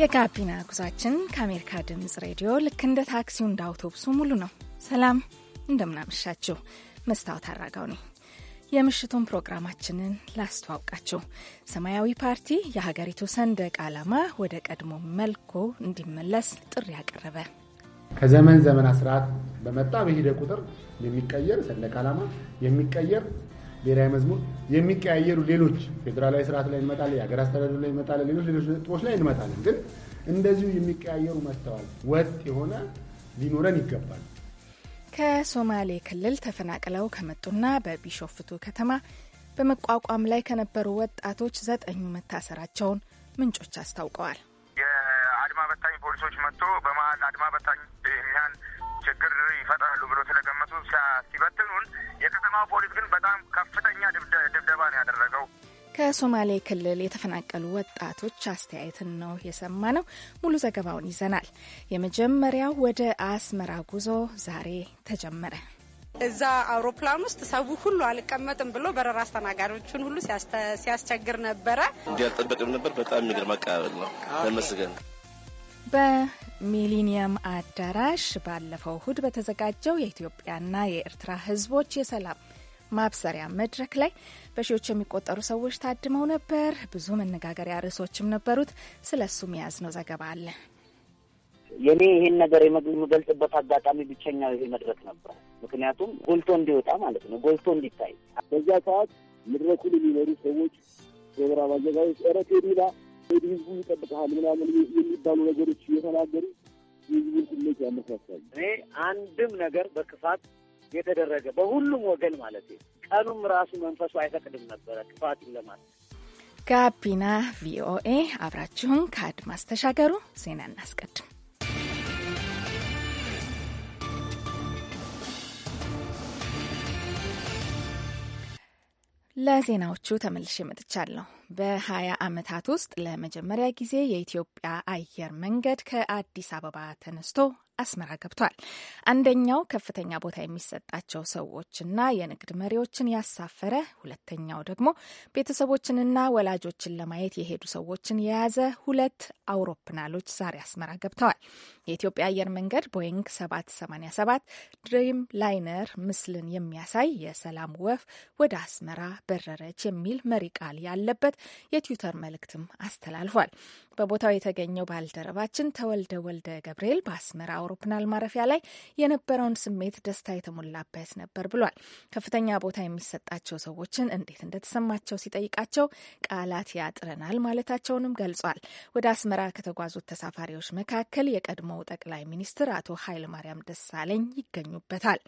የጋቢና ጉዛችን ከአሜሪካ ድምፅ ሬዲዮ ልክ እንደ ታክሲው እንደ አውቶቡሱ ሙሉ ነው። ሰላም እንደምናመሻችሁ፣ መስታወት አራጋው ነኝ። የምሽቱን ፕሮግራማችንን ላስተዋውቃችሁ። ሰማያዊ ፓርቲ የሀገሪቱ ሰንደቅ ዓላማ ወደ ቀድሞ መልኩ እንዲመለስ ጥሪ ያቀረበ ከዘመን ዘመን ስርዓት በመጣ በሂደ ቁጥር የሚቀየር ሰንደቅ ዓላማ የሚቀየር ብሔራዊ መዝሙር የሚቀያየሩ ሌሎች ፌዴራላዊ ስርዓት ላይ እንመጣለን፣ የሀገር አስተዳደር ላይ እንመጣለን፣ ሌሎች ሌሎች ነጥቦች ላይ እንመጣለን። ግን እንደዚሁ የሚቀያየሩ መጥተዋል። ወጥ የሆነ ሊኖረን ይገባል። ከሶማሌ ክልል ተፈናቅለው ከመጡና በቢሾፍቱ ከተማ በመቋቋም ላይ ከነበሩ ወጣቶች ዘጠኙ መታሰራቸውን ምንጮች አስታውቀዋል። የአድማ በታኝ ፖሊሶች መጥቶ በመሀል አድማ በታኝ እኛን ችግር ይፈጥራሉ ብሎ ስለገመቱ ሲበትኑን፣ የከተማው ፖሊስ ግን በጣም ከፍተኛ ድብደባ ነው ያደረገው። ከሶማሌ ክልል የተፈናቀሉ ወጣቶች አስተያየትን ነው የሰማ ነው። ሙሉ ዘገባውን ይዘናል። የመጀመሪያው ወደ አስመራ ጉዞ ዛሬ ተጀመረ። እዛ አውሮፕላን ውስጥ ሰው ሁሉ አልቀመጥም ብሎ በረራ አስተናጋሪዎችን ሁሉ ሲያስቸግር ነበረ። እንዲያጠበቅም ነበር። በጣም የሚገርም አቀባበል ነው። ተመስገን። ሚሊኒየም አዳራሽ ባለፈው እሁድ በተዘጋጀው የኢትዮጵያና የኤርትራ ህዝቦች የሰላም ማብሰሪያ መድረክ ላይ በሺዎች የሚቆጠሩ ሰዎች ታድመው ነበር። ብዙ መነጋገሪያ ርዕሶችም ነበሩት። ስለ እሱ መያዝ ነው ዘገባ አለ። የኔ ይህን ነገር የምገልጽበት አጋጣሚ ብቸኛው ይሄ መድረክ ነበር። ምክንያቱም ጎልቶ እንዲወጣ ማለት ነው፣ ጎልቶ እንዲታይ በዚያ ሰዓት መድረኩን የሚመሩ ሰዎች ፕሮግራም አዘጋጆች ረ ቴዲላ እንግዲህ ህዝቡ ይጠብቀሃል ምናምን የሚባሉ ነገሮች እየተናገሩ የህዝቡን ስሜት ያመሳሳል። እኔ አንድም ነገር በክፋት የተደረገ በሁሉም ወገን ማለት ቀኑም ራሱ መንፈሱ አይፈቅድም ነበረ ክፋትን ለማለት። ጋቢና ቪኦኤ አብራችሁን ከአድማስ ተሻገሩ። ዜና እናስቀድም። ለዜናዎቹ ተመልሼ መጥቻለሁ። በ20 ዓመታት ውስጥ ለመጀመሪያ ጊዜ የኢትዮጵያ አየር መንገድ ከአዲስ አበባ ተነስቶ አስመራ ገብቷል። አንደኛው ከፍተኛ ቦታ የሚሰጣቸው ሰዎችና የንግድ መሪዎችን ያሳፈረ፣ ሁለተኛው ደግሞ ቤተሰቦችንና ወላጆችን ለማየት የሄዱ ሰዎችን የያዘ ሁለት አውሮፕላኖች ዛሬ አስመራ ገብተዋል። የኢትዮጵያ አየር መንገድ ቦይንግ 787 ድሪም ላይነር ምስልን የሚያሳይ የሰላም ወፍ ወደ አስመራ በረረች የሚል መሪ ቃል ያለበት የትዊተር መልእክትም አስተላልፏል። በቦታው የተገኘው ባልደረባችን ተወልደ ወልደ ገብርኤል በአስመራ አውሮፕላን ማረፊያ ላይ የነበረውን ስሜት ደስታ የተሞላበት ነበር ብሏል። ከፍተኛ ቦታ የሚሰጣቸው ሰዎችን እንዴት እንደተሰማቸው ሲጠይቃቸው ቃላት ያጥረናል ማለታቸውንም ገልጿል። ወደ አስመራ ከተጓዙት ተሳፋሪዎች መካከል የቀድሞ የኬንያው ጠቅላይ ሚኒስትር አቶ ኃይለማርያም ደሳለኝ ይገኙበታል።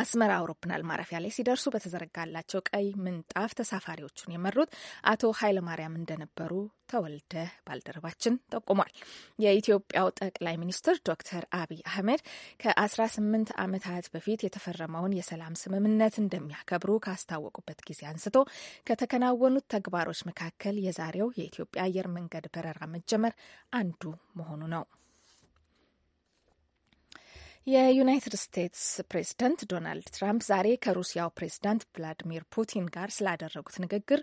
አስመራ አውሮፕላን ማረፊያ ላይ ሲደርሱ በተዘረጋላቸው ቀይ ምንጣፍ ተሳፋሪዎቹን የመሩት አቶ ኃይለማርያም እንደነበሩ ተወልደ ባልደረባችን ጠቁሟል። የኢትዮጵያው ጠቅላይ ሚኒስትር ዶክተር አብይ አህመድ ከ18 ዓመታት በፊት የተፈረመውን የሰላም ስምምነት እንደሚያከብሩ ካስታወቁበት ጊዜ አንስቶ ከተከናወኑት ተግባሮች መካከል የዛሬው የኢትዮጵያ አየር መንገድ በረራ መጀመር አንዱ መሆኑ ነው። የዩናይትድ ስቴትስ ፕሬዝደንት ዶናልድ ትራምፕ ዛሬ ከሩሲያው ፕሬዝዳንት ቭላዲሚር ፑቲን ጋር ስላደረጉት ንግግር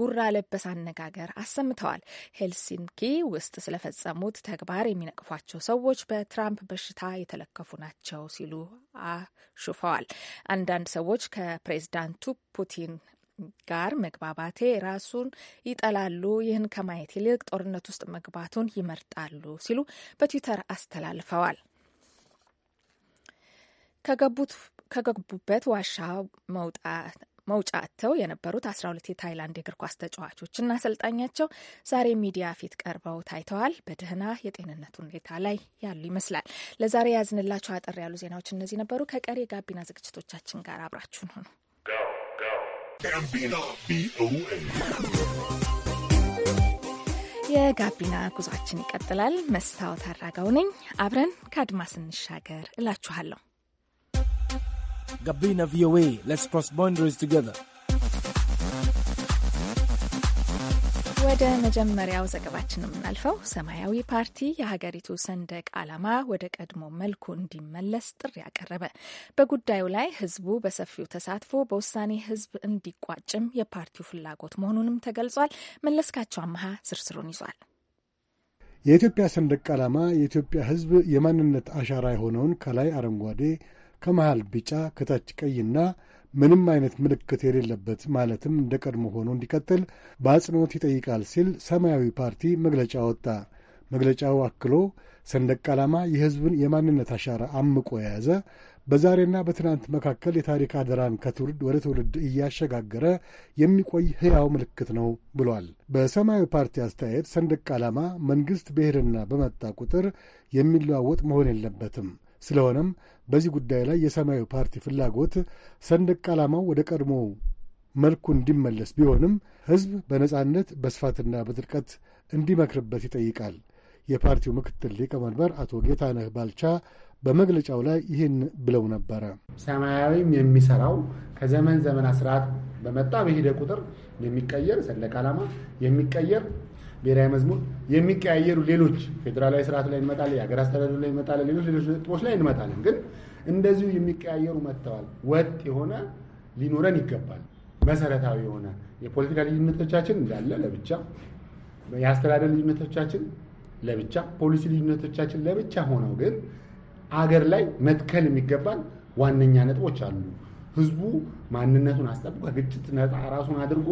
ጉራ ለበስ አነጋገር አሰምተዋል። ሄልሲንኪ ውስጥ ስለፈጸሙት ተግባር የሚነቅፏቸው ሰዎች በትራምፕ በሽታ የተለከፉ ናቸው ሲሉ አሹፈዋል። አንዳንድ ሰዎች ከፕሬዝዳንቱ ፑቲን ጋር መግባባቴ ራሱን ይጠላሉ። ይህን ከማየት ይልቅ ጦርነት ውስጥ መግባቱን ይመርጣሉ ሲሉ በትዊተር አስተላልፈዋል። ከገቡበት ዋሻ መውጣት መውጫ አጥተው የነበሩት ሁለት የታይላንድ የእግር ኳስ ተጫዋቾችና አሰልጣኛቸው ዛሬ ሚዲያ ፊት ቀርበው ታይተዋል። በደህና የጤንነት ሁኔታ ላይ ያሉ ይመስላል። ለዛሬ ያዝንላቸው አጠር ያሉ ዜናዎች እነዚህ ነበሩ። ከቀሪ የጋቢና ዝግጅቶቻችን ጋር አብራችሁን ሆኑ። የጋቢና ጉዟችን ይቀጥላል። መስታወት አራጋው ነኝ። አብረን ከአድማስ እንሻገር እላችኋለሁ። Gabina VOA. Let's cross boundaries together. ወደ መጀመሪያው ዘገባችን የምናልፈው ሰማያዊ ፓርቲ የሀገሪቱ ሰንደቅ ዓላማ ወደ ቀድሞ መልኩ እንዲመለስ ጥሪ አቀረበ። በጉዳዩ ላይ ህዝቡ በሰፊው ተሳትፎ በውሳኔ ህዝብ እንዲቋጭም የፓርቲው ፍላጎት መሆኑንም ተገልጿል። መለስካቸው አመሃ ዝርዝሩን ይዟል። የኢትዮጵያ ሰንደቅ ዓላማ የኢትዮጵያ ህዝብ የማንነት አሻራ የሆነውን ከላይ አረንጓዴ ከመሃል ቢጫ፣ ከታች ቀይና ምንም አይነት ምልክት የሌለበት ማለትም እንደ ቀድሞ ሆኖ እንዲቀጥል በአጽንኦት ይጠይቃል ሲል ሰማያዊ ፓርቲ መግለጫ ወጣ። መግለጫው አክሎ ሰንደቅ ዓላማ የሕዝብን የማንነት አሻራ አምቆ የያዘ በዛሬና በትናንት መካከል የታሪክ አደራን ከትውልድ ወደ ትውልድ እያሸጋገረ የሚቆይ ሕያው ምልክት ነው ብሏል። በሰማያዊ ፓርቲ አስተያየት ሰንደቅ ዓላማ መንግሥት ብሔርና በመጣ ቁጥር የሚለዋወጥ መሆን የለበትም። ስለሆነም በዚህ ጉዳይ ላይ የሰማያዊ ፓርቲ ፍላጎት ሰንደቅ ዓላማው ወደ ቀድሞ መልኩ እንዲመለስ ቢሆንም ሕዝብ በነጻነት በስፋትና በጥልቀት እንዲመክርበት ይጠይቃል። የፓርቲው ምክትል ሊቀመንበር አቶ ጌታነህ ባልቻ በመግለጫው ላይ ይህን ብለው ነበረ። ሰማያዊም የሚሰራው ከዘመን ዘመን ስርዓት በመጣ በሄደ ቁጥር የሚቀየር ሰንደቅ ዓላማ የሚቀየር ብሔራዊ መዝሙር የሚቀያየሩ ሌሎች ፌዴራላዊ ስርዓት ላይ እንመጣለን፣ የሀገር አስተዳደሩ ላይ እንመጣለን፣ ሌሎች ሌሎች ነጥቦች ላይ እንመጣለን። ግን እንደዚሁ የሚቀያየሩ መጥተዋል። ወጥ የሆነ ሊኖረን ይገባል። መሰረታዊ የሆነ የፖለቲካ ልዩነቶቻችን እንዳለ ለብቻ፣ የአስተዳደር ልዩነቶቻችን ለብቻ፣ ፖሊሲ ልዩነቶቻችን ለብቻ ሆነው ግን አገር ላይ መትከል የሚገባን ዋነኛ ነጥቦች አሉ። ህዝቡ ማንነቱን አስጠብቆ ከግጭት ነፃ ራሱን አድርጎ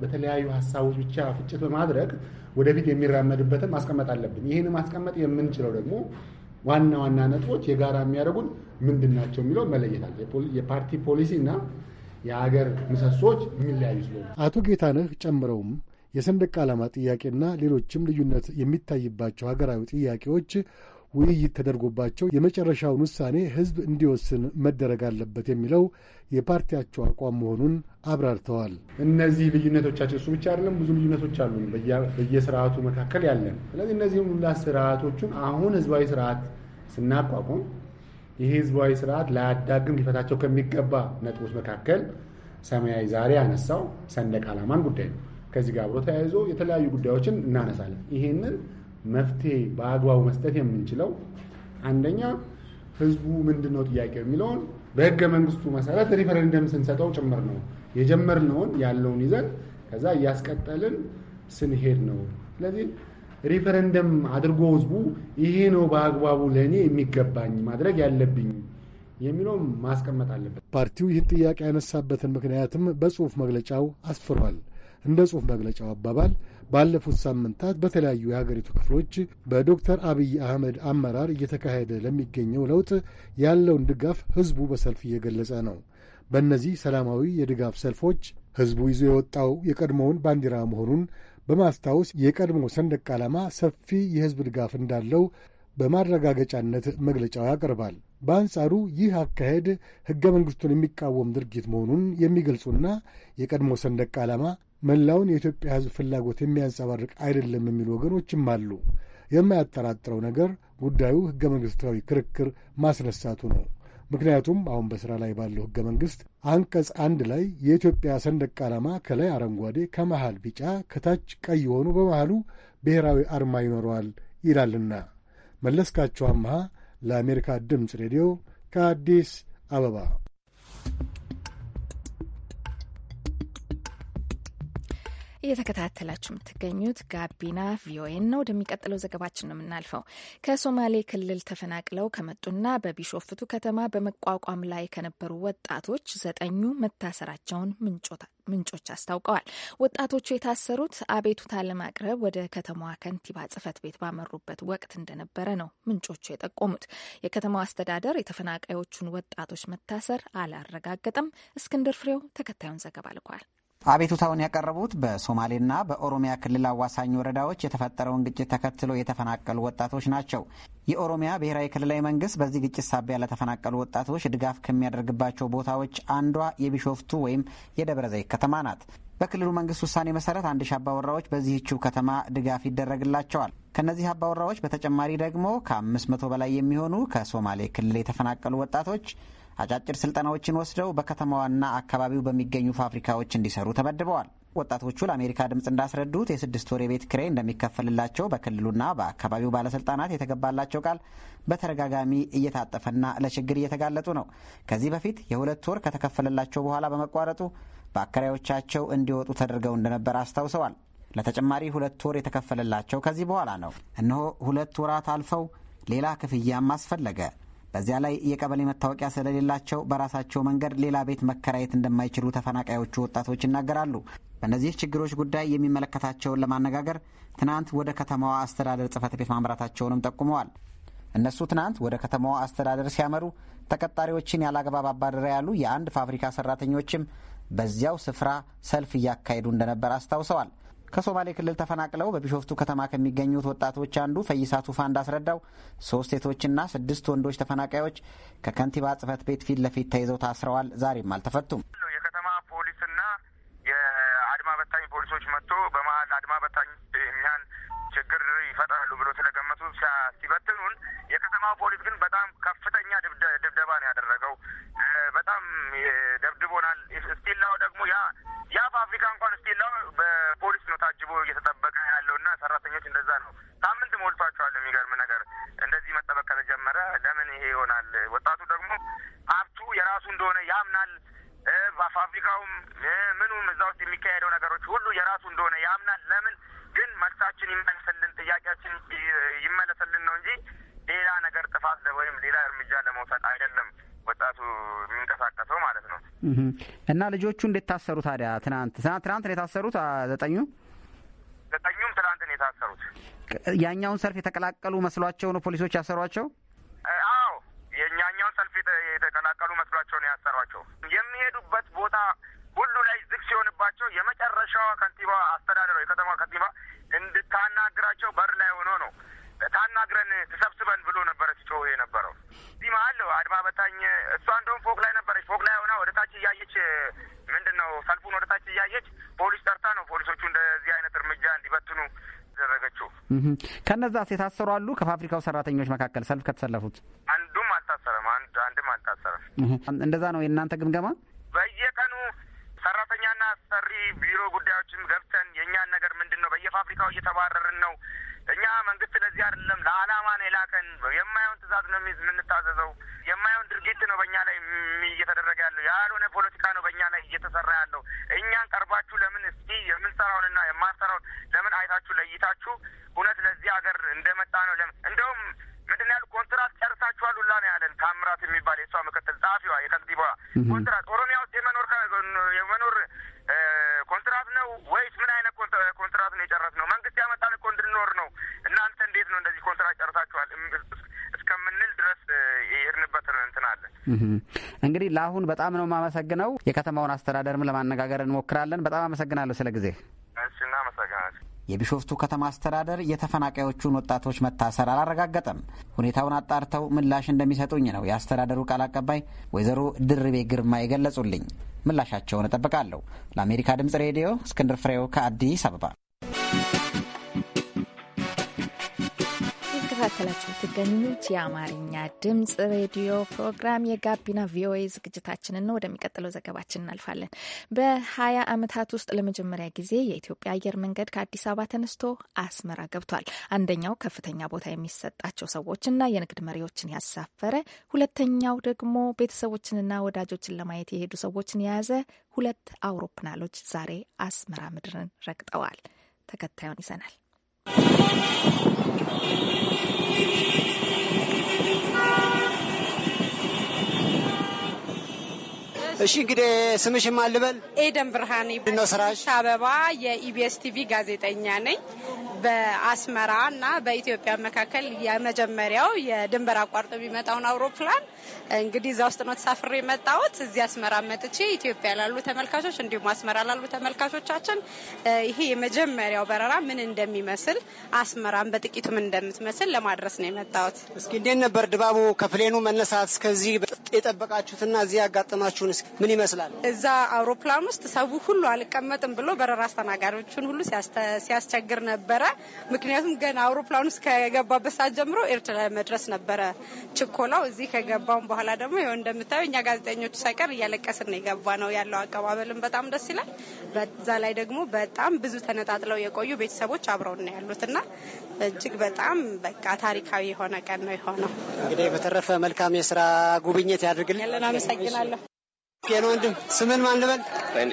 በተለያዩ ሀሳቦች ብቻ ፍጭት በማድረግ ወደፊት የሚራመድበትን ማስቀመጥ አለብን። ይህን ማስቀመጥ የምንችለው ደግሞ ዋና ዋና ነጥቦች የጋራ የሚያደርጉን ምንድን ናቸው የሚለው መለየት የፓርቲ ፖሊሲ እና የሀገር ምሰሶች የሚለያዩ ስለሆነ አቶ ጌታነህ ጨምረውም የሰንደቅ ዓላማ ጥያቄና ሌሎችም ልዩነት የሚታይባቸው ሀገራዊ ጥያቄዎች ውይይት ተደርጎባቸው የመጨረሻውን ውሳኔ ህዝብ እንዲወስን መደረግ አለበት የሚለው የፓርቲያቸው አቋም መሆኑን አብራርተዋል። እነዚህ ልዩነቶቻችን እሱ ብቻ አይደለም፣ ብዙ ልዩነቶች አሉ በየስርዓቱ መካከል ያለን። ስለዚህ እነዚህ ሁላ ስርዓቶቹን አሁን ህዝባዊ ስርዓት ስናቋቁም ይሄ ህዝባዊ ስርዓት ላያዳግም ሊፈታቸው ከሚገባ ነጥቦች መካከል ሰማያዊ ዛሬ ያነሳው ሰንደቅ ዓላማን ጉዳይ ነው። ከዚህ ጋር አብሮ ተያይዞ የተለያዩ ጉዳዮችን እናነሳለን። ይሄንን መፍትሄ በአግባቡ መስጠት የምንችለው አንደኛ ህዝቡ ምንድን ነው ጥያቄው የሚለውን በህገ መንግስቱ መሰረት ሪፈረንደም ስንሰጠው ጭምር ነው የጀመርነውን ያለውን ይዘን ከዛ እያስቀጠልን ስንሄድ ነው። ስለዚህ ሪፈረንደም አድርጎ ህዝቡ ይሄ ነው በአግባቡ ለእኔ የሚገባኝ ማድረግ ያለብኝ የሚለውም ማስቀመጥ አለበት። ፓርቲው ይህን ጥያቄ ያነሳበትን ምክንያትም በጽሁፍ መግለጫው አስፍሯል። እንደ ጽሁፍ መግለጫው አባባል ባለፉት ሳምንታት በተለያዩ የሀገሪቱ ክፍሎች በዶክተር አብይ አህመድ አመራር እየተካሄደ ለሚገኘው ለውጥ ያለውን ድጋፍ ሕዝቡ በሰልፍ እየገለጸ ነው። በእነዚህ ሰላማዊ የድጋፍ ሰልፎች ሕዝቡ ይዞ የወጣው የቀድሞውን ባንዲራ መሆኑን በማስታወስ የቀድሞ ሰንደቅ ዓላማ ሰፊ የህዝብ ድጋፍ እንዳለው በማረጋገጫነት መግለጫው ያቀርባል። በአንጻሩ ይህ አካሄድ ሕገ መንግሥቱን የሚቃወም ድርጊት መሆኑን የሚገልጹና የቀድሞ ሰንደቅ ዓላማ መላውን የኢትዮጵያ ሕዝብ ፍላጎት የሚያንጸባርቅ አይደለም የሚሉ ወገኖችም አሉ። የማያጠራጥረው ነገር ጉዳዩ ሕገ መንግሥታዊ ክርክር ማስነሳቱ ነው። ምክንያቱም አሁን በሥራ ላይ ባለው ሕገ መንግሥት አንቀጽ አንድ ላይ የኢትዮጵያ ሰንደቅ ዓላማ ከላይ አረንጓዴ፣ ከመሃል ቢጫ፣ ከታች ቀይ ሆኖ በመሃሉ ብሔራዊ አርማ ይኖረዋል ይላልና። መለስካቸው አምሃ ለአሜሪካ ድምፅ ሬዲዮ ከአዲስ አበባ እየተከታተላችሁ የምትገኙት ጋቢና ቪኦኤን ነው። ወደሚቀጥለው ዘገባችን ነው የምናልፈው። ከሶማሌ ክልል ተፈናቅለው ከመጡና በቢሾፍቱ ከተማ በመቋቋም ላይ ከነበሩ ወጣቶች ዘጠኙ መታሰራቸውን ምንጮች አስታውቀዋል። ወጣቶቹ የታሰሩት አቤቱታ ለማቅረብ ወደ ከተማዋ ከንቲባ ጽፈት ቤት ባመሩበት ወቅት እንደነበረ ነው ምንጮቹ የጠቆሙት። የከተማው አስተዳደር የተፈናቃዮቹን ወጣቶች መታሰር አላረጋገጠም። እስክንድር ፍሬው ተከታዩን ዘገባ ልኳል። አቤቱታውን ያቀረቡት በሶማሌና በኦሮሚያ ክልል አዋሳኝ ወረዳዎች የተፈጠረውን ግጭት ተከትሎ የተፈናቀሉ ወጣቶች ናቸው። የኦሮሚያ ብሔራዊ ክልላዊ መንግስት በዚህ ግጭት ሳቢያ ለተፈናቀሉ ወጣቶች ድጋፍ ከሚያደርግባቸው ቦታዎች አንዷ የቢሾፍቱ ወይም የደብረ ዘይት ከተማ ናት። በክልሉ መንግስት ውሳኔ መሰረት አንድ ሺ አባወራዎች በዚህችው ከተማ ድጋፍ ይደረግላቸዋል። ከእነዚህ አባወራዎች በተጨማሪ ደግሞ ከአምስት መቶ በላይ የሚሆኑ ከሶማሌ ክልል የተፈናቀሉ ወጣቶች አጫጭር ስልጠናዎችን ወስደው በከተማዋና አካባቢው በሚገኙ ፋብሪካዎች እንዲሰሩ ተመድበዋል። ወጣቶቹ ለአሜሪካ ድምፅ እንዳስረዱት የስድስት ወር የቤት ክሬ እንደሚከፈልላቸው በክልሉና በአካባቢው ባለስልጣናት የተገባላቸው ቃል በተደጋጋሚ እየታጠፈና ለችግር እየተጋለጡ ነው። ከዚህ በፊት የሁለት ወር ከተከፈለላቸው በኋላ በመቋረጡ በአከራዮቻቸው እንዲወጡ ተደርገው እንደነበር አስታውሰዋል። ለተጨማሪ ሁለት ወር የተከፈለላቸው ከዚህ በኋላ ነው። እነሆ ሁለት ወራት አልፈው ሌላ ክፍያም አስፈለገ። በዚያ ላይ የቀበሌ መታወቂያ ስለሌላቸው በራሳቸው መንገድ ሌላ ቤት መከራየት እንደማይችሉ ተፈናቃዮቹ ወጣቶች ይናገራሉ። በእነዚህ ችግሮች ጉዳይ የሚመለከታቸውን ለማነጋገር ትናንት ወደ ከተማዋ አስተዳደር ጽህፈት ቤት ማምራታቸውንም ጠቁመዋል። እነሱ ትናንት ወደ ከተማዋ አስተዳደር ሲያመሩ ተቀጣሪዎችን ያላግባብ አባረረ ያሉ የአንድ ፋብሪካ ሰራተኞችም በዚያው ስፍራ ሰልፍ እያካሄዱ እንደነበር አስታውሰዋል። ከሶማሌ ክልል ተፈናቅለው በቢሾፍቱ ከተማ ከሚገኙት ወጣቶች አንዱ ፈይሳ ቱፋ እንዳስረዳው ሶስት ሴቶችና ስድስት ወንዶች ተፈናቃዮች ከከንቲባ ጽህፈት ቤት ፊት ለፊት ተይዘው ታስረዋል። ዛሬም አልተፈቱም። የከተማ ፖሊስና የአድማ በታኝ ፖሊሶች መጥቶ በመሀል አድማ በታኝ እኛን ችግር ይፈጥራሉ ብሎ ስለገመቱ ሲበትኑን የከተማው ፖሊስ ግን በጣም ከፍተኛ ድብደባ ነው ያደረገው። በጣም ደብድቦናል። ስቲላው ደግሞ ያ ያ ፋብሪካ እንኳን ስቲላው በፖሊስ ነው ታጅቦ እየተጠበቀ ያለው እና ሰራተኞች እንደዛ ነው። ሳምንት ሞልቷቸዋል። የሚገርም ነገር እንደዚህ መጠበቅ ከተጀመረ ለምን ይሄ ይሆናል? ወጣቱ ደግሞ ሀብቱ የራሱ እንደሆነ ያምናል። በፋብሪካውም ምኑም እዛ ውስጥ የሚካሄደው ነገሮች ሁሉ የራሱ እንደሆነ ያምናል። ለምን ግን መልሳችን ይመለስልን፣ ጥያቄያችን ይመለስልን ነው እንጂ ሌላ ነገር ጥፋት ወይም ሌላ እርምጃ ለመውሰድ አይደለም ወጣቱ የሚንቀሳቀሰው ማለት ነው። እና ልጆቹ እንዴት ታሰሩ ታዲያ? ትናንት ትናንት ነው የታሰሩት ዘጠኙ ዘጠኙም ትናንት ነው የታሰሩት። ያኛውን ሰልፍ የተቀላቀሉ መስሏቸው ነው ፖሊሶች ያሰሯቸው። አዎ የእኛኛውን ሰልፍ የተቀላቀሉ መስሏቸው ነው ያሰሯቸው። የሚሄዱበት ቦታ ሁሉ ላይ ዝግ ሲሆንባቸው የመጨረሻዋ ከንቲባ አስተዳደረው የከተማ ከንቲባ እንድታናግራቸው በር ላይ ሆኖ ነው ታናግረን ተሰብስበን ብሎ ነበረ ሲጮህ የነበረው። እዚህ መሀል አድማ በታኝ እሷ እንደውም ፎቅ ላይ ነበረች። ፎቅ ላይ ሆና ወደ ታች እያየች ምንድን ነው ሰልፉን ወደ ታች እያየች ፖሊስ ጠርታ ነው ፖሊሶቹ እንደዚህ አይነት እርምጃ እንዲበትኑ ያደረገችው። ከነዛስ የታሰሩ አሉ? ከፋብሪካው ሰራተኞች መካከል ሰልፍ ከተሰለፉት አንዱም አልታሰረም። አንድ አንድም አልታሰረም። እንደዛ ነው የእናንተ ግምገማ? በየቀኑ ሰራተኛና አሰሪ ቢሮ ጉዳዮችም ገብተን የእኛን ነገር ምንድን ነው በየፋብሪካው እየተባረርን ነው እኛ መንግስት ለዚህ አይደለም ነው የላከን የማየውን ትእዛዝ ነው የሚዝ የምንታዘዘው የማየውን ድርጊት ነው በእኛ ላይ እየተደረገ ያለው ያልሆነ ፖለቲካ ነው በእኛ ላይ እየተሰራ ያለው። እኛን ቀርባችሁ ለምን እስቲ የምንሰራውንና የማንሰራውን ለምን አይታችሁ ለይታችሁ እውነት ለዚህ ሀገር እንደመጣ ነው ለምን እንደውም ምንድን ያሉ ኮንትራት ጨርሳችኋል ሁላ ነው ያለን ታምራት የሚባል የእሷ ምክትል ጸሐፊዋ የከንቲባዋ ኮንትራት እንግዲህ ለአሁን በጣም ነው የማመሰግነው። የከተማውን አስተዳደርም ለማነጋገር እንሞክራለን። በጣም አመሰግናለሁ ስለ ጊዜ። እሺ፣ እናመሰግናለን። የቢሾፍቱ ከተማ አስተዳደር የተፈናቃዮቹን ወጣቶች መታሰር አላረጋገጠም። ሁኔታውን አጣርተው ምላሽ እንደሚሰጡኝ ነው የአስተዳደሩ ቃል አቀባይ ወይዘሮ ድርቤ ግርማ የገለጹልኝ። ምላሻቸውን እጠብቃለሁ። ለአሜሪካ ድምጽ ሬዲዮ እስክንድር ፍሬው ከአዲስ አበባ የምትገኙት የአማርኛ ድምፅ ሬዲዮ ፕሮግራም የጋቢና ቪኦኤ ዝግጅታችንን ነው። ወደሚቀጥለው ዘገባችን እናልፋለን። በሀያ ዓመታት ውስጥ ለመጀመሪያ ጊዜ የኢትዮጵያ አየር መንገድ ከአዲስ አበባ ተነስቶ አስመራ ገብቷል። አንደኛው ከፍተኛ ቦታ የሚሰጣቸው ሰዎችና የንግድ መሪዎችን ያሳፈረ፣ ሁለተኛው ደግሞ ቤተሰቦችንና ወዳጆችን ለማየት የሄዱ ሰዎችን የያዘ ሁለት አውሮፕላኖች ዛሬ አስመራ ምድርን ረግጠዋል። ተከታዩን ይዘናል። Thank you. እሺ እንግዲህ ስምሽም አልበል? ኤደን ብርሃን ነው ስራሽ? አበባ የኢቢኤስ ቲቪ ጋዜጠኛ ነኝ። በአስመራ እና በኢትዮጵያ መካከል የመጀመሪያው የድንበር አቋርጦ የሚመጣውን አውሮፕላን እንግዲህ እዛ ውስጥ ነው ተሳፍሬ የመጣሁት። እዚህ አስመራ መጥቼ ኢትዮጵያ ላሉ ተመልካቾች እንዲሁም አስመራ ላሉ ተመልካቾቻችን ይሄ የመጀመሪያው በረራ ምን እንደሚመስል አስመራን በጥቂቱ ምን እንደምትመስል ለማድረስ ነው የመጣሁት። እስኪ እንዴት ነበር ድባቡ ከፕሌኑ መነሳት እስከዚህ የጠበቃችሁትና እዚህ ያጋጠማችሁንስ ምን ይመስላል? እዛ አውሮፕላን ውስጥ ሰው ሁሉ አልቀመጥም ብሎ በረራ አስተናጋሪዎችን ሁሉ ሲያስቸግር ነበረ። ምክንያቱም ገና አውሮፕላን ውስጥ ከገባበት ሰዓት ጀምሮ ኤርትራ መድረስ ነበረ ችኮላው። እዚህ ከገባውን በኋላ ደግሞ ይኸው እንደምታየው እኛ ጋዜጠኞቹ ሳይቀር እያለቀስን የገባ ነው ያለው። አቀባበልን በጣም ደስ ይላል። በዛ ላይ ደግሞ በጣም ብዙ ተነጣጥለው የቆዩ ቤተሰቦች አብረውና ያሉትና ያሉት እጅግ በጣም በቃ ታሪካዊ የሆነ ቀን ነው የሆነው። እንግዲህ በተረፈ መልካም የስራ ጉብኝት ያድርግልን። ያለን አመሰግናለሁ። ጤና ወንድም፣ ስምን ማን ልበል?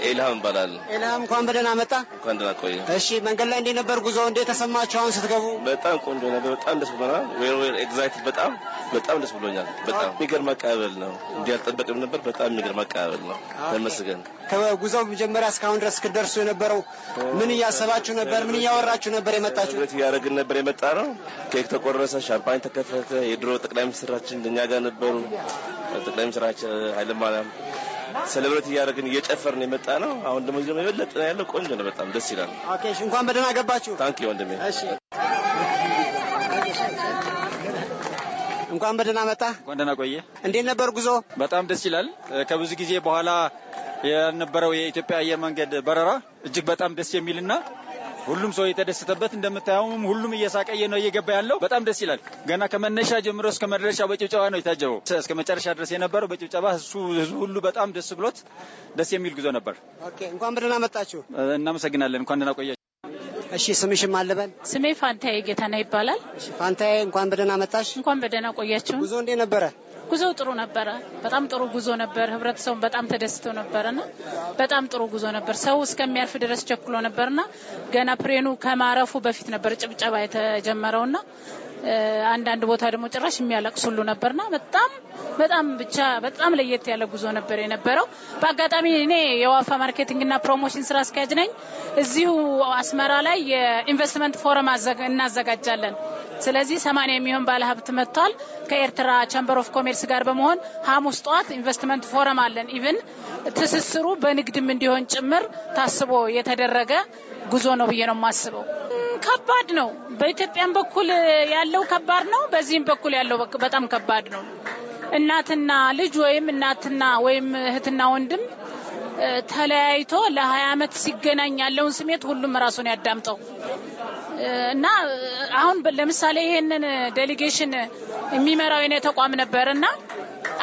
ኤልሃም እባላለሁ። ኤልሃም እንኳን በደህና መጣ። እንኳን ደህና ቆየ። እሺ፣ መንገድ ላይ እንዴት ነበር ጉዞ? እንዴት ተሰማችሁ አሁን ስትገቡ? በጣም ቆንጆ ነበር። በጣም ደስ ብሎናል። ዌር ዌር ኤግዛይትድ በጣም በጣም ደስ ብሎኛል። በጣም የሚገርም አቀባበል ነው። እንዲህ አልጠበቅም ነበር። በጣም የሚገርም አቀባበል ነው። ተመስገን። ከጉዞው መጀመሪያ እስካሁን ድረስ ክደርሱ የነበረው ምን እያሰባችሁ ነበር? ምን እያወራችሁ ነበር የመጣችሁ? እያደረግን ነበር የመጣ ነው። ኬክ ተቆረሰ፣ ሻምፓኝ ተከፈተ። የድሮ ጠቅላይ ሚኒስትራችን እኛ ጋር ነበሩ። ጠቅላይ ሚኒስትራችን ኃይለማርያም ሰለብሬት እያደረግን እየጨፈርን የመጣ ነው። አሁን ደግሞ ደግሞ ነው ያለው ቆንጆ ነው። በጣም ደስ ይላል። እንኳን በደህና ገባችሁ። ታንክ ወንድሜ። እንኳን በደህና መጣ። እንኳን ደህና ቆየ። እንዴት ነበር ጉዞ? በጣም ደስ ይላል። ከብዙ ጊዜ በኋላ የነበረው የኢትዮጵያ አየር መንገድ በረራ እጅግ በጣም ደስ የሚልና ሁሉም ሰው የተደሰተበት እንደምታየውም ሁሉም እየሳቀየ ነው እየገባ ያለው በጣም ደስ ይላል። ገና ከመነሻ ጀምሮ እስከ መድረሻ በጭብጨባ ነው የታጀበው። እስከ መጨረሻ ድረስ የነበረው በጭብጨባ እሱ ህዝቡ ሁሉ በጣም ደስ ብሎት ደስ የሚል ጉዞ ነበር። እንኳን በደህና መጣችሁ። እናመሰግናለን። እንኳን ደህና ቆያችሁ። እሺ ስምሽም አለበል? ስሜ ፋንታዬ ጌታና ይባላል። ፋንታዬ እንኳን በደህና መጣሽ። እንኳን በደህና ቆያችሁ። ጉዞ እንዴ ነበረ? ጉዞ ጥሩ ነበረ። በጣም ጥሩ ጉዞ ነበር። ህብረተሰቡ በጣም ተደስቶ ነበርና በጣም ጥሩ ጉዞ ነበር። ሰው እስከሚያርፍ ድረስ ቸኩሎ ነበርና ገና ፕሬኑ ከማረፉ በፊት ነበር ጭብጨባ የተጀመረውና አንዳንድ ቦታ ደግሞ ጭራሽ የሚያለቅስ ሁሉ ነበርና በጣም በጣም ብቻ በጣም ለየት ያለ ጉዞ ነበር የነበረው። በአጋጣሚ እኔ የዋፋ ማርኬቲንግና ፕሮሞሽን ስራ አስኪያጅ ነኝ። እዚሁ አስመራ ላይ የኢንቨስትመንት ፎረም እናዘጋጃለን ስለዚህ ሰማንያ የሚሆን ባለሀብት መጥቷል። ከኤርትራ ቻምበር ኦፍ ኮሜርስ ጋር በመሆን ሐሙስ ጠዋት ኢንቨስትመንት ፎረም አለን። ኢቭን ትስስሩ በንግድም እንዲሆን ጭምር ታስቦ የተደረገ ጉዞ ነው ብዬ ነው የማስበው። ከባድ ነው። በኢትዮጵያም በኩል ያለው ከባድ ነው። በዚህም በኩል ያለው በጣም ከባድ ነው። እናትና ልጅ ወይም እናትና ወይም እህትና ወንድም ተለያይቶ ለሀያ ዓመት ሲገናኝ ያለውን ስሜት ሁሉም ራሱን ያዳምጠው። እና አሁን ለምሳሌ ይሄንን ዴሊጌሽን የሚመራው የኔ ተቋም ነበር እና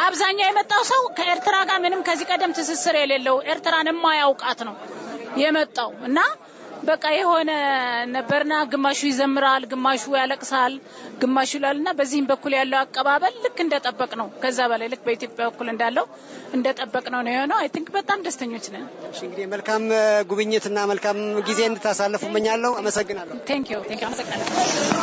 አብዛኛው የመጣው ሰው ከኤርትራ ጋር ምንም ከዚህ ቀደም ትስስር የሌለው ኤርትራን የማያውቃት ነው የመጣው እና በቃ የሆነ ነበርና ግማሹ ይዘምራል፣ ግማሹ ያለቅሳል፣ ግማሹ ይላል እና በዚህም በኩል ያለው አቀባበል ልክ እንደጠበቅ ነው። ከዛ በላይ ልክ በኢትዮጵያ በኩል እንዳለው እንደጠበቅ ነው ነው የሆነው። አይ ቲንክ በጣም ደስተኞች ነን። እንግዲህ መልካም ጉብኝትና መልካም ጊዜ እንድታሳልፉ እመኛለሁ። አመሰግናለሁ። ቴንክ ዩ ቴንክ ዩ አመሰግናለሁ።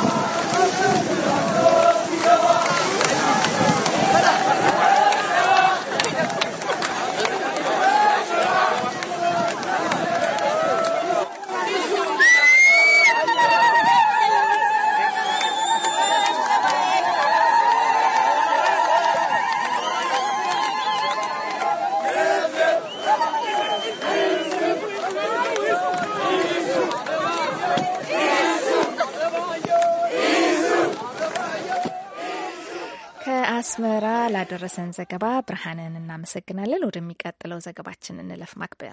ከአስመራ ላደረሰን ዘገባ ብርሃንን እናመሰግናለን። ወደሚቀጥለው ዘገባችን እንለፍ። ማክበያ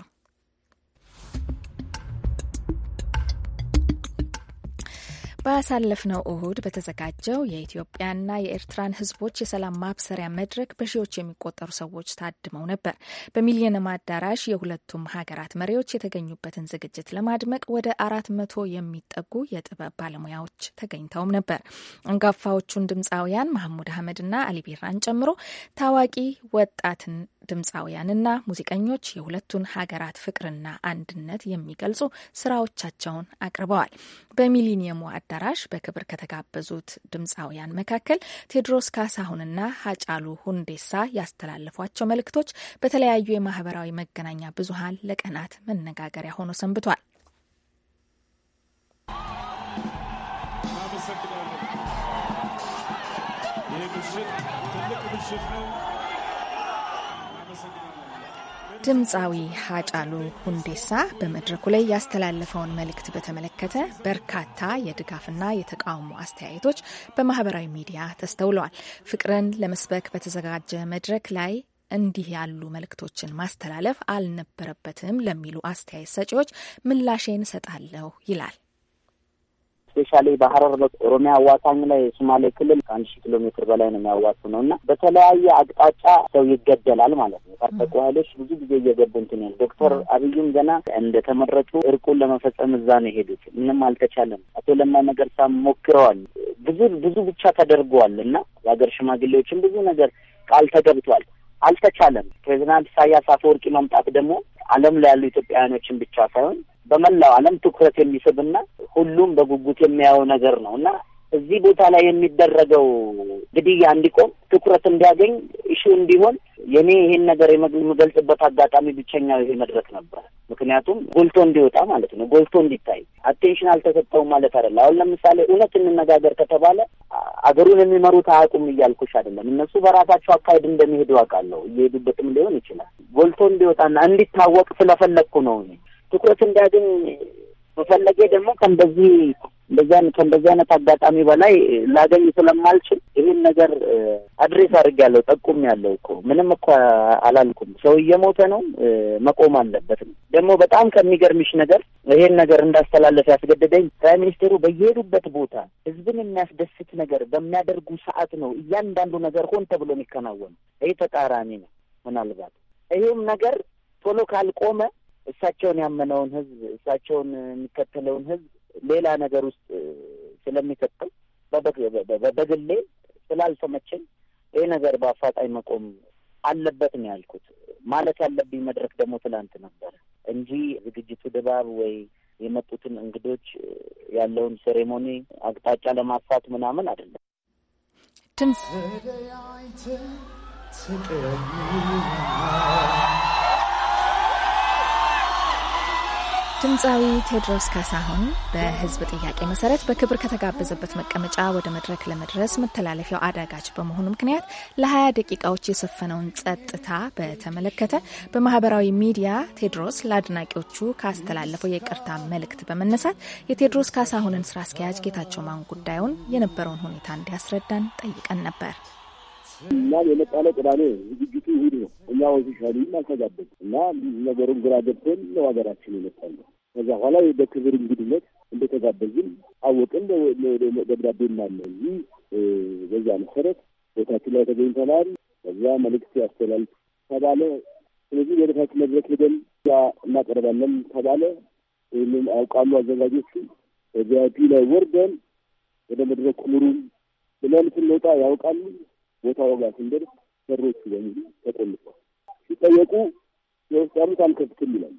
ባሳለፍነው እሁድ በተዘጋጀው የኢትዮጵያና የኤርትራን ህዝቦች የሰላም ማብሰሪያ መድረክ በሺዎች የሚቆጠሩ ሰዎች ታድመው ነበር። በሚሊኒየም አዳራሽ የሁለቱም ሀገራት መሪዎች የተገኙበትን ዝግጅት ለማድመቅ ወደ አራት መቶ የሚጠጉ የጥበብ ባለሙያዎች ተገኝተውም ነበር። አንጋፋዎቹን ድምፃውያን ማህሙድ አህመድና አሊ ቢራን ጨምሮ ታዋቂ ወጣትን ድምፃውያንና ሙዚቀኞች የሁለቱን ሀገራት ፍቅርና አንድነት የሚገልጹ ስራዎቻቸውን አቅርበዋል። በሚሊኒየሙ አዳራሽ በክብር ከተጋበዙት ድምፃውያን መካከል ቴዎድሮስ ካሳሁንና ሀጫሉ ሁንዴሳ ያስተላለፏቸው መልእክቶች በተለያዩ የማህበራዊ መገናኛ ብዙሃን ለቀናት መነጋገሪያ ሆኖ ሰንብቷል። ይህ ምሽት ትልቅ ምሽት ነው። ድምፃዊ ሀጫሉ ሁንዴሳ በመድረኩ ላይ ያስተላለፈውን መልእክት በተመለከተ በርካታ የድጋፍና የተቃውሞ አስተያየቶች በማህበራዊ ሚዲያ ተስተውለዋል። ፍቅርን ለመስበክ በተዘጋጀ መድረክ ላይ እንዲህ ያሉ መልእክቶችን ማስተላለፍ አልነበረበትም ለሚሉ አስተያየት ሰጪዎች ምላሼን እሰጣለሁ ይላል። ስፔሻሊ በሀረር ኦሮሚያ አዋሳኝ ላይ የሶማሌ ክልል ከአንድ ሺህ ኪሎ ሜትር በላይ ነው የሚያዋሱ ነው እና በተለያየ አቅጣጫ ሰው ይገደላል ማለት ነው። የታጠቁ ኃይሎች ብዙ ጊዜ እየገቡ እንትን ያል ዶክተር አብይም ገና እንደተመረጡ እርቁን ለመፈጸም እዛ ነው የሄዱት። ምንም አልተቻለም። አቶ ለማ መገርሳ ሞክረዋል። ብዙ ብዙ ብቻ ተደርገዋል እና የሀገር ሽማግሌዎችም ብዙ ነገር ቃል ተገብቷል። አልተቻለም። ፕሬዚዳንት ኢሳያስ አፈወርቂ መምጣት ደግሞ ዓለም ላይ ያሉ ኢትዮጵያውያኖችን ብቻ ሳይሆን በመላው ዓለም ትኩረት የሚስብና ሁሉም በጉጉት የሚያየው ነገር ነው እና እዚህ ቦታ ላይ የሚደረገው ግድያ እንዲቆም ትኩረት እንዲያገኝ፣ እሹ እንዲሆን የኔ ይሄን ነገር የምገልጽበት አጋጣሚ ብቸኛው ይሄ መድረክ ነበር። ምክንያቱም ጎልቶ እንዲወጣ ማለት ነው፣ ጎልቶ እንዲታይ። አቴንሽን አልተሰጠውም ማለት አይደለም። አሁን ለምሳሌ እውነት እንነጋገር ከተባለ አገሩን የሚመሩት አያውቁም እያልኩሽ አይደለም። እነሱ በራሳቸው አካሄድ እንደሚሄዱ አውቃለሁ፣ እየሄዱበትም ሊሆን ይችላል። ጎልቶ እንዲወጣና እንዲታወቅ ስለፈለግኩ ነው እኔ ትኩረት እንዲያገኝ መፈለጌ ደግሞ ከእንደዚህ እንደዚያ ከእንደዚህ አይነት አጋጣሚ በላይ ላገኝ ስለማልችል ይህን ነገር አድሬስ ያለው ጠቁም ያለው እኮ ምንም እኮ አላልኩም። ሰው እየሞተ ነው፣ መቆም አለበት ነው። ደግሞ በጣም ከሚገርምሽ ነገር ይሄን ነገር እንዳስተላለፍ ያስገደደኝ ፕራይም ሚኒስቴሩ በየሄዱበት ቦታ ህዝብን የሚያስደስት ነገር በሚያደርጉ ሰዓት ነው እያንዳንዱ ነገር ሆን ተብሎ የሚከናወኑ። ይህ ተቃራኒ ነው። ምናልባት ይህም ነገር ቶሎ ካልቆመ እሳቸውን ያመነውን ህዝብ እሳቸውን የሚከተለውን ህዝብ ሌላ ነገር ውስጥ ስለሚከተው በግሌ ስላልተመቸኝ ይህ ነገር በአፋጣኝ መቆም አለበት ነው ያልኩት። ማለት ያለብኝ መድረክ ደግሞ ትላንት ነበረ እንጂ ዝግጅቱ ድባብ ወይ የመጡትን እንግዶች ያለውን ሴሬሞኒ አቅጣጫ ለማፋት ምናምን አይደለም። ድምፅ ድምፃዊ ቴዎድሮስ ካሳሁን በህዝብ ጥያቄ መሰረት በክብር ከተጋበዘበት መቀመጫ ወደ መድረክ ለመድረስ መተላለፊያው አዳጋች በመሆኑ ምክንያት ለ20 ደቂቃዎች የሰፈነውን ጸጥታ በተመለከተ በማህበራዊ ሚዲያ ቴዎድሮስ ለአድናቂዎቹ ካስተላለፈው የቅርታ መልእክት በመነሳት የቴድሮስ ካሳሁንን ስራ አስኪያጅ ጌታቸው ማን ጉዳዩን የነበረውን ሁኔታ እንዲያስረዳን ጠይቀን ነበር እና የመጣለው ቅዳሜ ዝግጅቱ እሑድ ነው እኛ ኦፊሻሊም አልተጋበዝም እና ነገሩን ግራ ገብቶን ነው ሀገራችን ይመጣለ። ከዛ በኋላ በክብር እንግድነት እንደተጋበዝን አወቅን። ደብዳቤ እናለ እዚህ በዛ መሰረት ቦታችን ላይ ተገኝተናል። ከዛ መልእክት ያስተላል ተባለ። ስለዚህ ወደታችን መድረክ ሄደን እናቀርባለን ተባለ። ይህንን አውቃሉ አዘጋጆቹ። በቪአይፒ ላይ ወርደን ወደ መድረክ ምሩም ብለን ስንወጣ ያውቃሉ። ቦታው ጋር ስንደርስ በሮቹ በሙሉ ተቆልፏል። ሲጠየቁ የውስጥ አሉት አልከፍትም ይላሉ።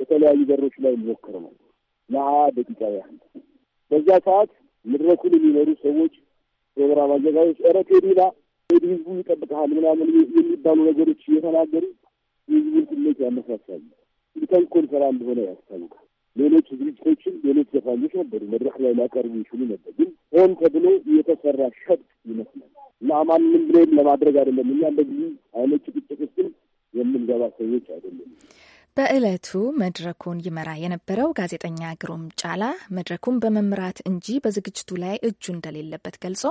የተለያዩ በሮች ላይ ነው ለሀያ ደቂቃ ያህል። በዛ ሰዓት መድረኩን የሚኖሩ ሰዎች፣ ፕሮግራም አዘጋጆች ኧረ ቴዲላ ቴዲ ህዝቡ ይጠብቀሃል ምናምን የሚባሉ ነገሮች እየተናገሩ የህዝቡን ስሜት ያመሳሳሉ። የተንኮል ስራ እንደሆነ ያስታውቃል። ሌሎች ዝግጅቶችን ሌሎች ዘፋኞች ነበሩ መድረክ ላይ ሊያቀርቡ ይችሉ ነበር፣ ግን ሆን ተብሎ የተሰራ ሸብት ይመስላል። ለማንም ብሌም ለማድረግ አይደለም። እኛ እንደዚህ አይነት ጭቅጭቅ የምንገባ ሰዎች አይደለም። በዕለቱ መድረኩን ይመራ የነበረው ጋዜጠኛ ግሩም ጫላ መድረኩን በመምራት እንጂ በዝግጅቱ ላይ እጁ እንደሌለበት ገልጾ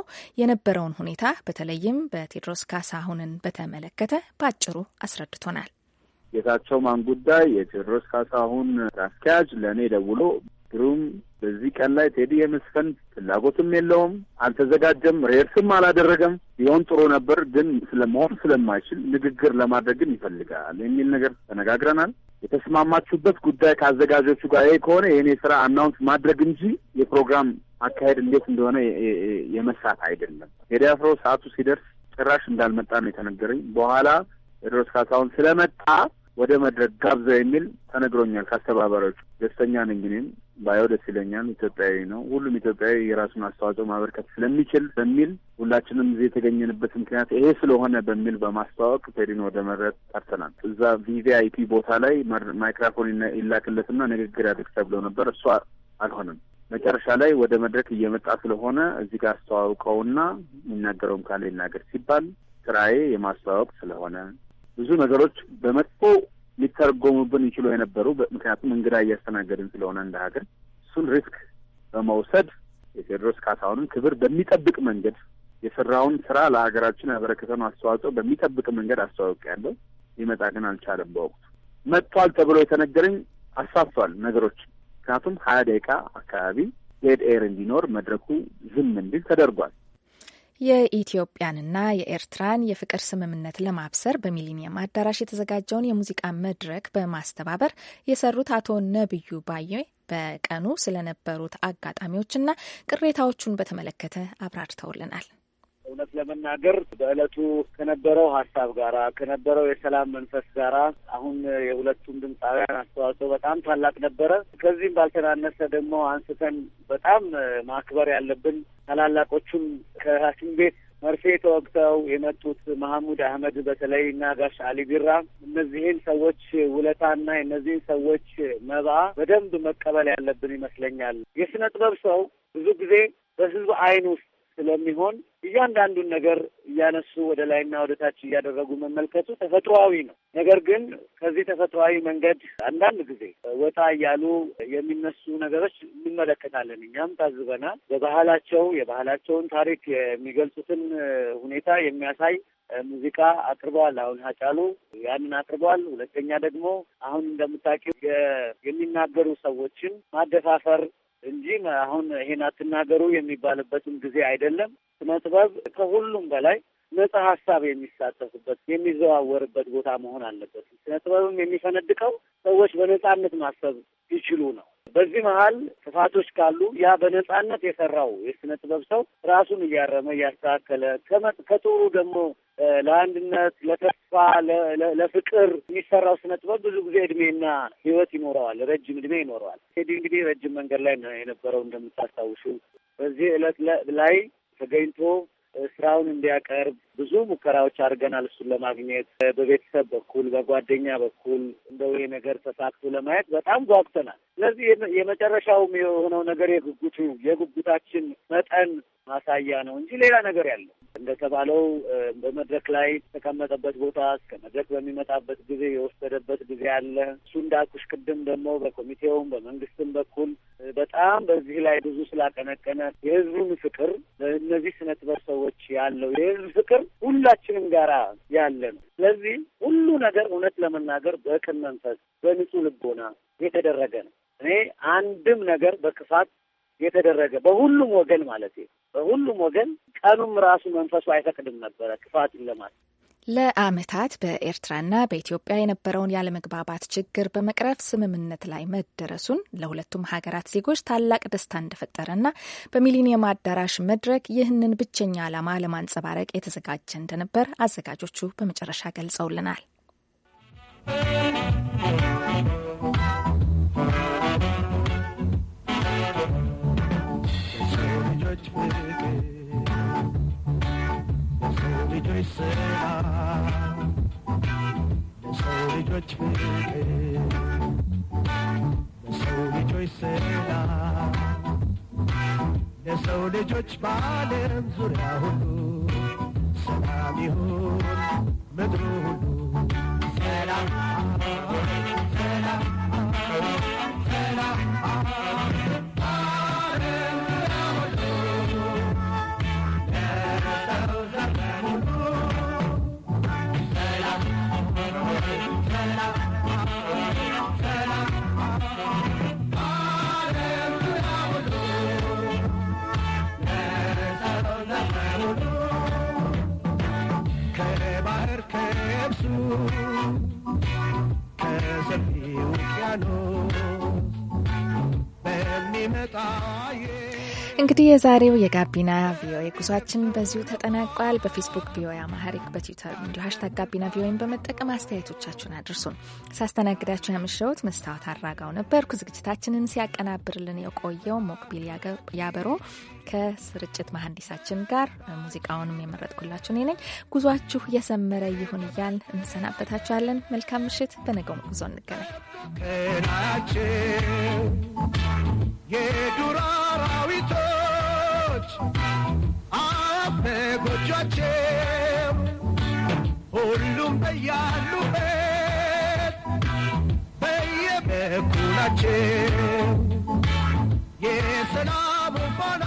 የነበረውን ሁኔታ በተለይም በቴዎድሮስ ካሳሁንን በተመለከተ በአጭሩ አስረድቶናል። ጌታቸው ማን ጉዳይ የቴዎድሮስ ካሳሁን አስኪያጅ ለእኔ ደውሎ ግሩም በዚህ ቀን ላይ ቴዲ የመስፈን ፍላጎትም የለውም፣ አልተዘጋጀም፣ ሬርስም አላደረገም። ቢሆን ጥሩ ነበር፣ ግን ስለመሆን ስለማይችል ንግግር ለማድረግ ግን ይፈልጋል የሚል ነገር ተነጋግረናል። የተስማማችሁበት ጉዳይ ከአዘጋጆቹ ጋር ይሄ ከሆነ የእኔ ስራ አናውንስ ማድረግ እንጂ የፕሮግራም አካሄድ እንዴት እንደሆነ የመስራት አይደለም። ቴዲ አፍሮ ሰዓቱ ሲደርስ ጭራሽ እንዳልመጣ ነው የተነገረኝ። በኋላ ቴድሮስ ካሳሁን ስለመጣ ወደ መድረክ ጋብዘው የሚል ተነግሮኛል ከአስተባባሪዎቹ። ደስተኛ ነኝ እኔም ባየው ደስ ይለኛል። ኢትዮጵያዊ ነው። ሁሉም ኢትዮጵያዊ የራሱን አስተዋጽኦ ማበርከት ስለሚችል በሚል ሁላችንም እዚህ የተገኘንበት ምክንያት ይሄ ስለሆነ በሚል በማስተዋወቅ ቴዲን ወደ መድረክ ጠርተናል። እዛ ቪቪአይፒ ቦታ ላይ ማይክራፎን ይላክለትና ንግግር ያድርግ ተብሎ ነበር። እሱ አልሆነም። መጨረሻ ላይ ወደ መድረክ እየመጣ ስለሆነ እዚህ ጋር አስተዋውቀውና የሚናገረውም ካለ ይናገር ሲባል ስራዬ የማስተዋወቅ ስለሆነ ብዙ ነገሮች በመጥፎ ሊተረጎሙብን ይችሉ የነበሩ ምክንያቱም እንግዳ እያስተናገድን ስለሆነ እንደ ሀገር እሱን ሪስክ በመውሰድ የቴዎድሮስ ካሳሁንን ክብር በሚጠብቅ መንገድ የሰራውን ስራ ለሀገራችን ያበረከተውን አስተዋጽኦ በሚጠብቅ መንገድ አስተዋወቅ ያለው ሊመጣ ግን አልቻለም። በወቅቱ መጥቷል ተብሎ የተነገረኝ አሳቷል ነገሮች ምክንያቱም ሀያ ደቂቃ አካባቢ ዴድ ኤር እንዲኖር መድረኩ ዝም እንዲል ተደርጓል። የኢትዮጵያንና የኤርትራን የፍቅር ስምምነት ለማብሰር በሚሊኒየም አዳራሽ የተዘጋጀውን የሙዚቃ መድረክ በማስተባበር የሰሩት አቶ ነብዩ ባዬ በቀኑ ስለነበሩት አጋጣሚዎችና ቅሬታዎቹን በተመለከተ አብራርተውልናል። እውነት ለመናገር በእለቱ ከነበረው ሀሳብ ጋራ ከነበረው የሰላም መንፈስ ጋራ አሁን የሁለቱም ድምፃውያን አስተዋጽኦ በጣም ታላቅ ነበረ። ከዚህም ባልተናነሰ ደግሞ አንስተን በጣም ማክበር ያለብን ታላላቆቹም ከሐኪም ቤት መርፌ ተወግተው የመጡት መሐሙድ አህመድ በተለይ እና ጋሽ አሊ ቢራ እነዚህን ሰዎች ውለታና የእነዚህን ሰዎች መባ በደንብ መቀበል ያለብን ይመስለኛል። የስነ ጥበብ ሰው ብዙ ጊዜ በህዝብ አይን ውስጥ ስለሚሆን እያንዳንዱን ነገር እያነሱ ወደ ላይና ወደ ታች እያደረጉ መመልከቱ ተፈጥሯዊ ነው። ነገር ግን ከዚህ ተፈጥሯዊ መንገድ አንዳንድ ጊዜ ወጣ እያሉ የሚነሱ ነገሮች እንመለከታለን። እኛም ታዝበናል። በባህላቸው የባህላቸውን ታሪክ የሚገልጹትን ሁኔታ የሚያሳይ ሙዚቃ አቅርበዋል። አሁን ሀጫሉ ያንን አቅርበዋል። ሁለተኛ ደግሞ አሁን እንደምታውቂው የሚናገሩ ሰዎችን ማደፋፈር እንጂ አሁን ይሄን አትናገሩ የሚባልበትም ጊዜ አይደለም። ስነ ጥበብ ከሁሉም በላይ ነጻ ሀሳብ የሚሳተፉበት የሚዘዋወርበት ቦታ መሆን አለበት። ስነ ጥበብም የሚፈነድቀው ሰዎች በነጻነት ማሰብ ይችሉ ነው። በዚህ መሀል ጥፋቶች ካሉ ያ በነጻነት የሰራው የስነ ጥበብ ሰው ራሱን እያረመ እያስተካከለ ከጥሩ ደግሞ ለአንድነት፣ ለተስፋ፣ ለፍቅር የሚሰራው ስነ ጥበብ ብዙ ጊዜ እድሜና ህይወት ይኖረዋል፣ ረጅም እድሜ ይኖረዋል። ቴዲ እንግዲህ ረጅም መንገድ ላይ የነበረው እንደምታስታውሹ በዚህ ዕለት ላይ ተገኝቶ ስራውን እንዲያቀርብ ብዙ ሙከራዎች አድርገናል። እሱን ለማግኘት በቤተሰብ በኩል በጓደኛ በኩል እንደው ይሄ ነገር ተሳክቶ ለማየት በጣም ጓጉተናል። ስለዚህ የመጨረሻውም የሆነው ነገር የጉጉቱ የጉጉታችን መጠን ማሳያ ነው እንጂ ሌላ ነገር ያለው እንደተባለው በመድረክ ላይ የተቀመጠበት ቦታ እስከ መድረክ በሚመጣበት ጊዜ የወሰደበት ጊዜ አለ። እሱ እንዳልኩሽ ቅድም ደግሞ በኮሚቴውም በመንግስትም በኩል በጣም በዚህ ላይ ብዙ ስላቀነቀነ የህዝቡን ፍቅር ለእነዚህ ስነ ጥበብ ሰዎች ያለው የህዝብ ፍቅር ሁላችንም ጋራ ያለ ነው። ስለዚህ ሁሉ ነገር እውነት ለመናገር በቅን መንፈስ በንጹህ ልቦና የተደረገ ነው። እኔ አንድም ነገር በክፋት የተደረገ በሁሉም ወገን ማለት በሁሉም ወገን ቀኑም ራሱ መንፈሱ አይፈቅድም ነበረ ክፋትን ለማለት ለአመታት በኤርትራና በኢትዮጵያ የነበረውን ያለመግባባት ችግር በመቅረፍ ስምምነት ላይ መደረሱን ለሁለቱም ሀገራት ዜጎች ታላቅ ደስታ እንደፈጠረና በሚሊኒየም አዳራሽ መድረክ ይህንን ብቸኛ ዓላማ ለማንጸባረቅ የተዘጋጀ እንደነበር አዘጋጆቹ በመጨረሻ ገልጸውልናል። ልጆች ፍቅር ለሰው ልጆች ሰላም ለሰው ልጆች በዓለም ዙሪያ ሁሉ ሰላም ይሁን ምድሩ ሁሉ እንግዲህ የዛሬው የጋቢና ቪኦኤ ጉዟችን በዚሁ ተጠናቋል። በፌስቡክ ቪኦኤ አማሐሪክ በትዊተር እንዲሁ ሀሽታግ ጋቢና ቪኦኤን በመጠቀም አስተያየቶቻችሁን አድርሱን። ሳስተናግዳችሁ ያመሸሁት መስታወት አራጋው ነበርኩ። ዝግጅታችንን ሲያቀናብርልን የቆየው ሞክቢል ያበሮ ከስርጭት መሐንዲሳችን ጋር ሙዚቃውንም የመረጥኩላችሁ እኔ ነኝ። ጉዟችሁ የሰመረ ይሁን እያል እንሰናበታችኋለን። መልካም ምሽት። በነገውም ጉዞ እንገናኝ። የዱር አራዊቶች ጎጆቻቸው ሁሉም በያሉበት በየበኩላቸው የሰላም ባላ